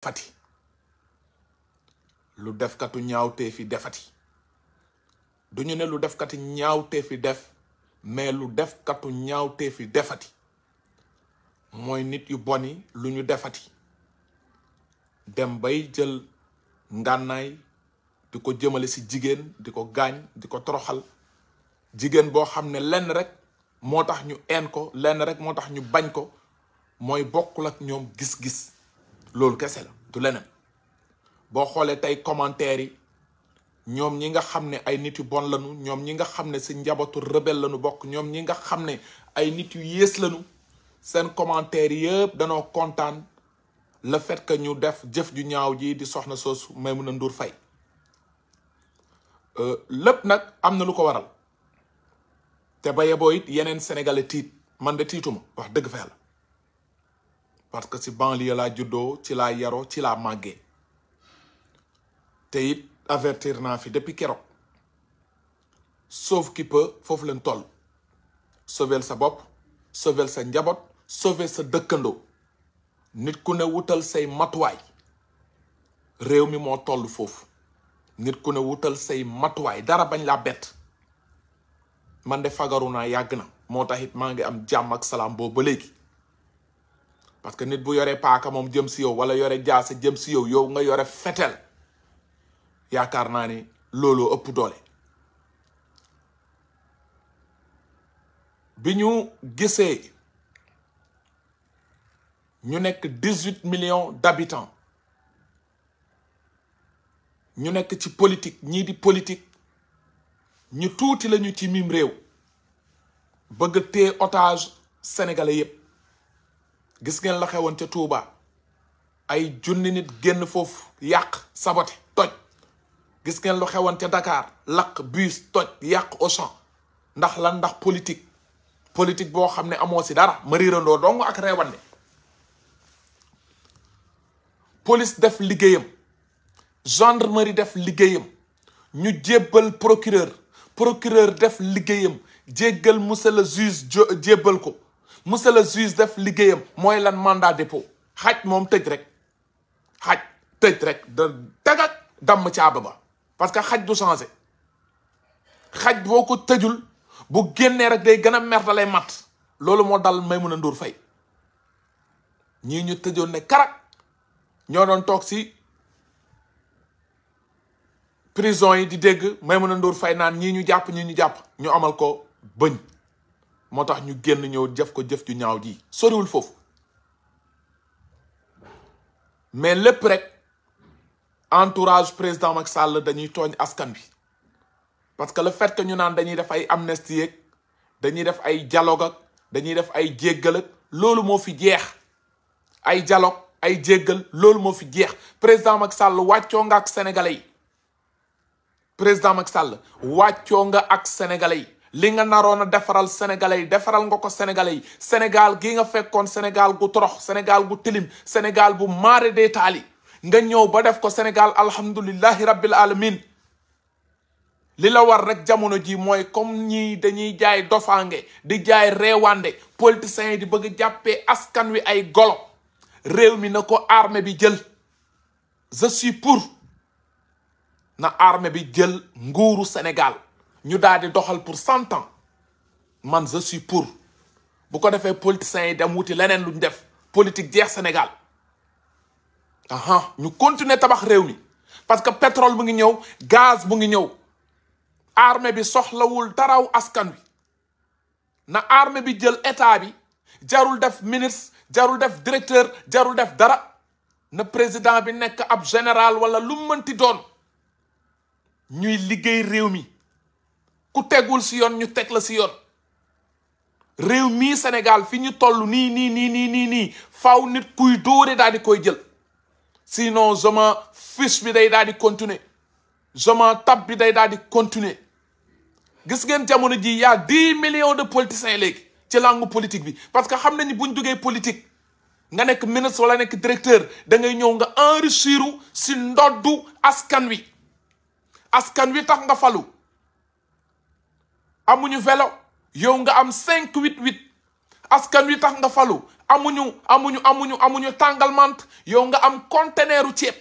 fati lu defkatu ñaawtee fi defati du ñu ne lu defkati ñaawtee fi def mais lu defkatu ñaawtee fi defati mooy nit yu bon yi lu ñu defati dem bay jël ngànnaay di ko jëmale ci jigéen di ko gaañ di ko toroxal jigéen boo xam ne lenn rek moo tax ñu een ko lenn rek moo tax ñu bañ ko mooy bokk ak ñoom gis-gis loolu kese la du leneen boo xoolee tey commentaire yi ñoom ñi nga xam ne ay nit yu bon lañu ñoom ñi nga xam ne si njabootu rebelle lañu bokk ñoom ñi nga xam ne ay nit yu yées lañu seen commentaire yëpp danoo kontaan la fait que ñu def jëf ju ñaaw ji di soxna soosu Maimouna Ndour Faye euh, lépp nag am na lu ko waral te ba yeboo it yeneen sénégalais tiit man de tiituma wax dëgg fa yàlla parce que si banlieue laa juddoo ci laa yaroo ci laa màggee te it avertir naa fi depuis keroog soof qui foofu leen toll sauver sa bopp sauver sa njaboot sauver sa dëkkandoo nit ku ne wutal say matuwaay réew mi moo toll foofu nit ku ne wutal say matuwaay dara bañ laa bett man de fagaru naa yàgg na moo tax it maa ngi am jàmm ak salaam boobu ba léegi parce que nit bu yore paaka moom jëm si yow wala yore jaasa jëm si yow yow nga yore fetel yaakaar naa ni looloo ëpp doole bi ñu gisee ñu nekk dix-huit millions d'habitants ñu nekk ci politique ñii di politique ñu tuuti lañu ci mim réew bëgg tee otage sénégalais yépp gis ngeen la xewoon ca Touba ay junni nit génn foofu yàq sabote toj gis ngeen lu xewoon ca dakaar lakk bus toj yàq Auchan ndax lan ndax politique politique boo xam ne amoo si dara ma riirandoo dong ak reewan ne police def liggéeyam gendarmerie def liggéeyam ñu jébbal procureur procureur def liggéeyam jéggal monsieur le juge jébbal ko monsieur le juge def liggéeyam mooy lan mandat dépôt xaj moom tëj rek xaj tëj rek da dagag damm caaba ba parce que xaj du changé xaj boo ko tëjul bu génnee rek day gën a mer da lay loolu moo dal a Ndour Faye ñii ñu tëjoon ne karak ñoo doon toog si prison yi di dégg a Ndour Faye naan ñii ñu jàpp ñii ñu jàpp ñu amal ko bëñ moo tax ñu génn ñëw jëf ko jëf ju ñaaw ji soriwul foofu mais lépp rek entourage président Macky Sall dañuy tooñ askan bi parce que le fait que ñu naan dañuy def ay amnistie yeeg dañuy def ay jaloog ak dañuy def ay jéggal loolu moo fi jeex ay dialogue ay jéggal loolu moo fi jeex président Macky Sall wàccoo nga ak sénégalais yi président Macky Sall wàccoo nga ak sénégalais yi. li nga naroon a defaral sénégalais yi defaral nga ko sénégalais yi sénégal gi nga fekkoon senegal gu torox senegal gu tilim senegal bu maare détaali nga ñëw ba def ko senegal alhamdulillahi rabbil alamin li la war rek jamono ji mooy comme ñi dañuy jaay dofaange di jaay reewande politiciens yi di bëgg jàppee askan wi ay golo réew mi na ko armée bi jël je suis pour na armée bi jël nguuru senegal ñu daal di doxal pour cent ans man je suis pour bu ko defee politiciens yi dem wuti leneen lu ñu def politique jeex Sénégal aha ñu continuer tabax réew mi parce que pétrole mu ngi ñëw gaz bu ngi ñëw armée bi soxlawul taraw askan bi na armée bi jël état bi jarul def ministre jarul def directeur jarul def dara na président bi nekk ab général wala lu mënti doon ñuy liggéey réew mi ku tegul si yoon ñu teg la si yoon réew mii Sénégal fi ñu toll nii nii nii nii nii nii faw nit kuy dóore daal di koy jël sinon jaman fiche bi day daal di continuer jaman tab bi day daal di continuer gis ngeen jamono ji y'a dix millions de politiciens léegi ci langue politique bi parce que xam nañu bu ñu duggee politique nga nekk ministre wala nekk directeur da ngay ñëw nga enrichir si ndoddu askan wi askan wi tax nga falu amuñu vélo yow nga am cinq huit huit askan wi tax nga falu amuñu amuñu amuñu amuñu tàngalmant yow nga am conteneeru ceeb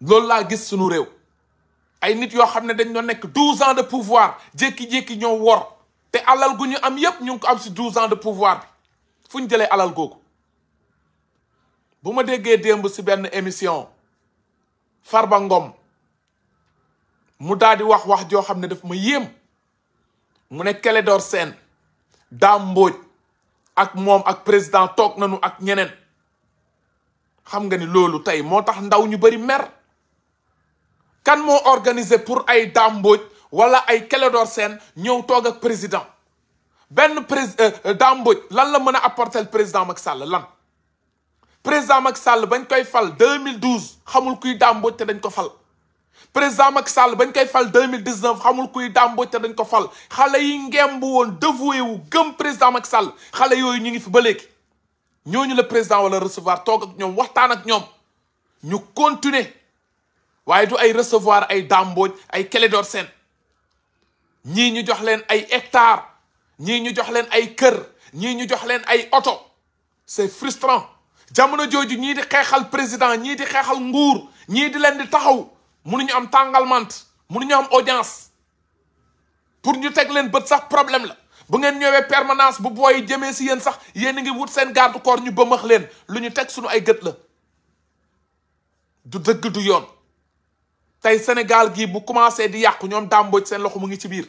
loolu laa gis sunu réew ay nit yoo xam ne dañ doon nekk douze ans de pouvoir jékki-jékki ñoo wor te alal gu ñu am yépp ñu ko am si douze ans de pouvoir bi fu ñu jëlee alal googu bu ma déggee démb si benn émission Farba Ngom mu daal di wax wax joo xam ne daf ma yéem mu ne Clédor Sène Dame ak moom ak président toog nañu ak ñeneen xam nga ni loolu tey moo tax ndaw ñu bëri mer kan moo organiser pour ay Dame Mbodj wala ay Clédor seen ñëw toog ak président benn président euh, euh, Dame Mbodj lan la mën a apporter président Macky Sall lan président Macky Sall bañ koy fal 2012 xamul kuy Dame Mbodj te dañ ko fal président Macky Sall bañ koy fal 2019 xamul kuy dàmboj te dañ ko fal xale yi ngemb woon dévoué wu gëm président Macky Sall xale yooyu ñu ngi fi ba léegi ñooñu la président wala recevoir toog ak ñoom waxtaan ak ñoom ñu continuer waaye du ay recevoir ay dàmbooj ay Clédor Sène ñii ñu jox leen ay hectares ñii ñu jox leen ay kër ñii ñu jox leen ay oto c'est frustrant jamono jooju ñii di xeexal président ñii di xeexal nguur ñii di leen di taxaw ñu am tàngalmante mënuñu am audience pour ñu teg leen bët sax problème la bu ngeen ñëwee permanence bu booy jëmee si yéen sax yéen a ngi wut seen garde corps ñu bëmax leen lu ñu teg suñu ay gët la du dëgg du yoon tey Sénégal gii bu commencé di yàqu ñoom dàmbooj seen loxo mu ngi ci biir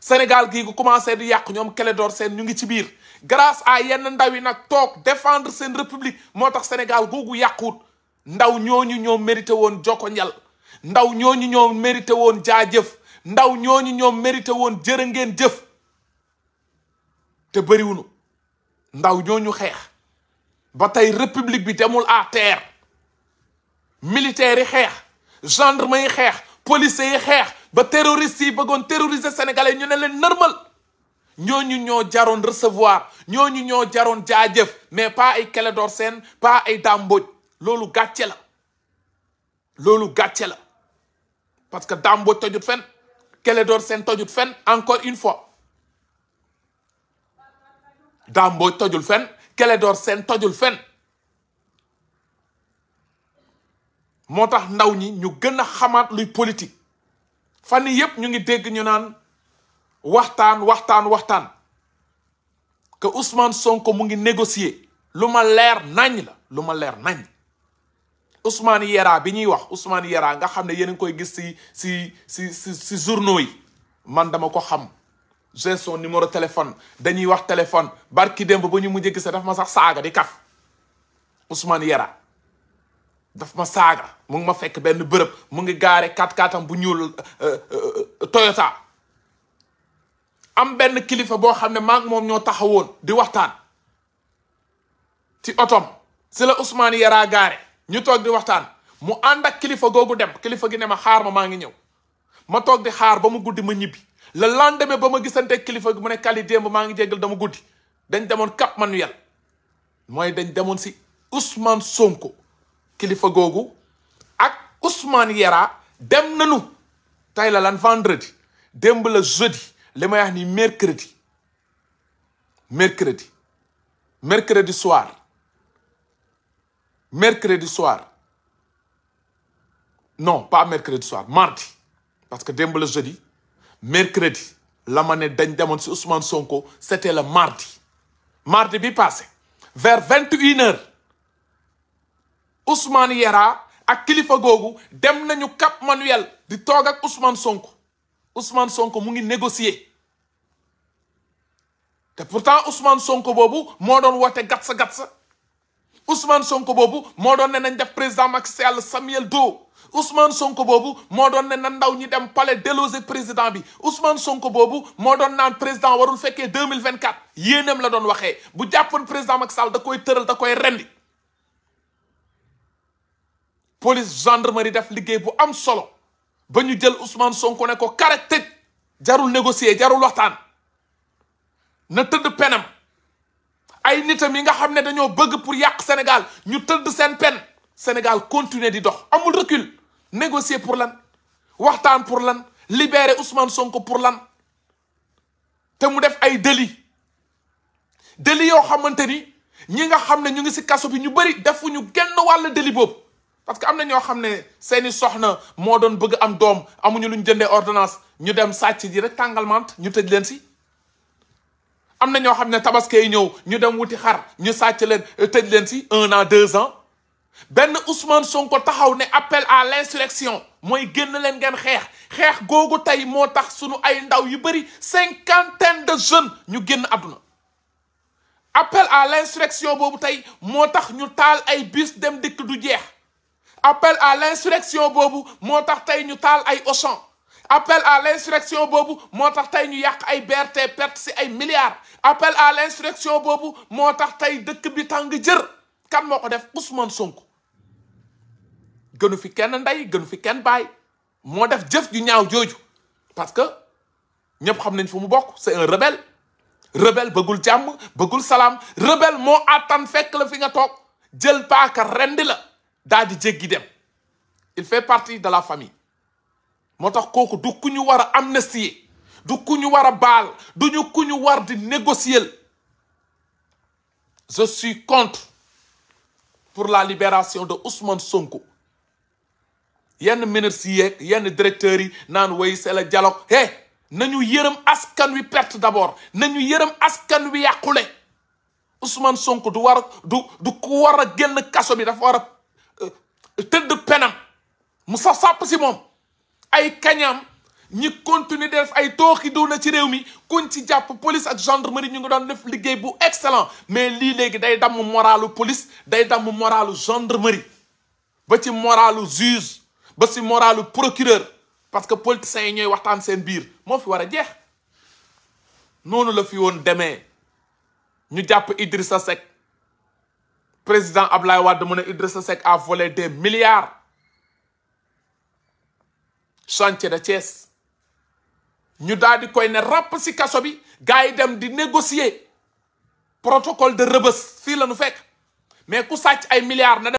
Sénégal gii bu commencé di yàqu ñoom Clédor seen ñu ngi ci biir grâce à yenn ndaw yi nag toog défendre seen république moo tax Sénégal googu yàquwut ndaw ñooñu ñoom mérité woon joko njal ndaw ñooñu ñoo mérité woon jaajëf ndaw ñooñu ñoo mérité woon jërë ngeen jëf te bëriwunu ndaw ñooñu xeex ba tey république bi demul à terre militaires yi xeex gendarme yi xeex police yi xeex ba terroristes yi bëggoon terroriser sénégalais ñu ne leen normal ñooñu ñoo jaroon recevoir ñooñu ñoo jaroon jaajëf mais pas ay Clédor seen pas ay Dame loolu gàcce la loolu gàcce la parce que Dame Mbodj tojut fenn Clédor Sène tojut fenn encore une fois Dame tojul fen Clédor seen tojul fenn moo tax ndaw ñi ñu gën a xamaat luy politique fan yii yëpp ñu ngi dégg ñu naan waxtaan waxtaan waxtaan que Ousmane sonk mu ngi négocier lu ma leer nañ la lu ma leer nañ. Ousmane Yera bi ñuy wax Ousmane Yera nga xam ne yéen ngi koy gis si si si si si journaux yi man dama ko xam j'ai numéro téléphone dañuy wax téléphone barki démb ba ñu mujjee gis daf ma sax saaga di kaf Ousmane Yera daf ma saaga mu ngi ma fekk benn bërëb mu ngi gaare kat katam bu ñuul euh, euh, Toyota am benn kilifa boo xam ne maak moom ñoo taxawoon di waxtaan ci otom si la Ousmane Yera gaare ñu toog di waxtaan mu ànd ak kilifa googu dem kilifa gi ne ma xaar ma maa ngi ñëw ma toog di xaar ba mu guddi ma ñibbi le lendemain ba ma gisante kilifa gi mu ne kali démb maa ngi jégal dama guddi dañ demoon Cap Manuel mooy dañ demoon si Ousmane Sonko kilifa googu ak Ousmane Yera dem nanu tey la lan vendredi démb la jeudi li may wax ni mercredi mercredi soir mercredi soir non pas mercredi soir mardi parce que démb la jeudi mercredi la ma ne dañ demoon si Ousmane Sonko c'était le mardi mardi bi passé vers vingt et une heures Ousmane Yara ak kilifa googu dem nañu Cap Manuel di toog ak Ousmane Sonko Ousmane Sonko mu ngi négocier te pourtant Ousmane Sonko boobu moo doon woote gatsa gatsa Ousmane Sonko boobu moo doon ne nañ def président Macky Sall Samuel Doe Ousmane Sonko boobu moo doon ne nan ndaw ñi dem palais déloger président bi Ousmane Sonko boobu moo doon naan président warul fekkee deux mille vingt quatre yéenam la doon waxee bu jàppoon président Macky Sall da koy tëral da koy rendi police gendarmerie def liggéey bu am solo ba ñu jël Ousmane Sonko ne ko karet tëj jarul négocier jarul waxtaan na tëdd penam. ay nitam yi nga xam ne dañoo bëgg pour yàq Sénégal ñu tëdd seen peine Sénégal continuer di dox amul recul négocier pour lan waxtaan pour lan libérer Ousmane Sonko pour lan te mu def ay dëli délit yoo xamante ni ñi nga xam ne ñu ngi ci kaso bi ñu bëri defuñu genn wàll dëli boobu parce que am na ñoo xam ne seeni soxna moo doon bëgg am doom amuñu lu ñu jëndee ordinance ñu dem sàcc ji rek tàngalmant ñu tëj leen si am na ñoo xam ne tabaskay ñëw ñu dem wuti xar ñu sàcc leen euh, tëj leen si un an deux ans benn Ousmane Sonko taxaw ne appel à l'insurrection mooy génn leen ngeen xeex xeex googu tey moo tax sunu ay ndaw yu bëri cinquantaine de jeunes ñu génn àdduna appel à l'insurrection boobu tey moo tax ñu taal ay bus dem dikk du jeex appel à l'insurrection boobu moo tax tey ñu taal ay Auchan appel à l'insurrection boobu moo tax tey ñu yàq ay BRT perte si ay milliards appel à l'insurrection boobu moo tax tey dëkk bi tàng jër kan moo ko def Ousmane Sonko gënu fi kenn ndey gënu fi kenn baay moo def jëf ju ñaaw jooju parce que ñëpp xam nañ fu mu bokk c'est un rebelle rebelle bëggul jàmm bëggul salaam rebelle moo attan fekk la fi nga toog jël paaka rendi la daal di jéggi dem il fait partie de la famille moo tax kooku du ku ñu war a amnistie du ku ñu war a baal du ñu ku ñu war di négocier je suis contre pour la libération de Ousmane sonku yenn ministres yi yenn directeurs yi naan way c'est le dialogue hey eh, nañu yërëm askan wi perte d'abord nañu yërëm askan wi yàqule Ousmane Sonko du war du du ku war a génn kaso bi dafa war a euh, tëdd penam mu saf sàpp si moom ay kañam ñi continuer def ay tooxi doona ci réew mi koñ ci jàpp police ak gendarmerie ñu ngi daan def liggéey bu excellent mais lii léegi day damm moralu police day damm moralu gendarmerie ba ci moralu juge ba ci moralu procureur parce que politiciens yi ñooy waxtaan seen biir moo fi war a jeex noonu la fi woon demee ñu jàpp Idrissa Seck président ab Ablaye Wade mu ne sa Seck à volé de milliards chantier de Thiès ñu daal di koy ne ràpp si kaso bi gars yi dem di négocier protocole de Rebeuss fii la ñu fekk mais ku sàcc ay milliards na